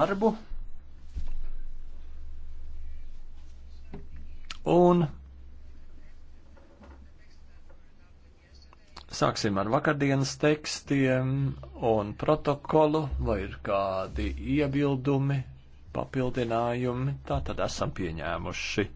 darbu. Un sāksim ar vakardienas tekstiem un protokolu, vai ir kādi iebildumi, papildinājumi. Tā tad esam pieņēmuši.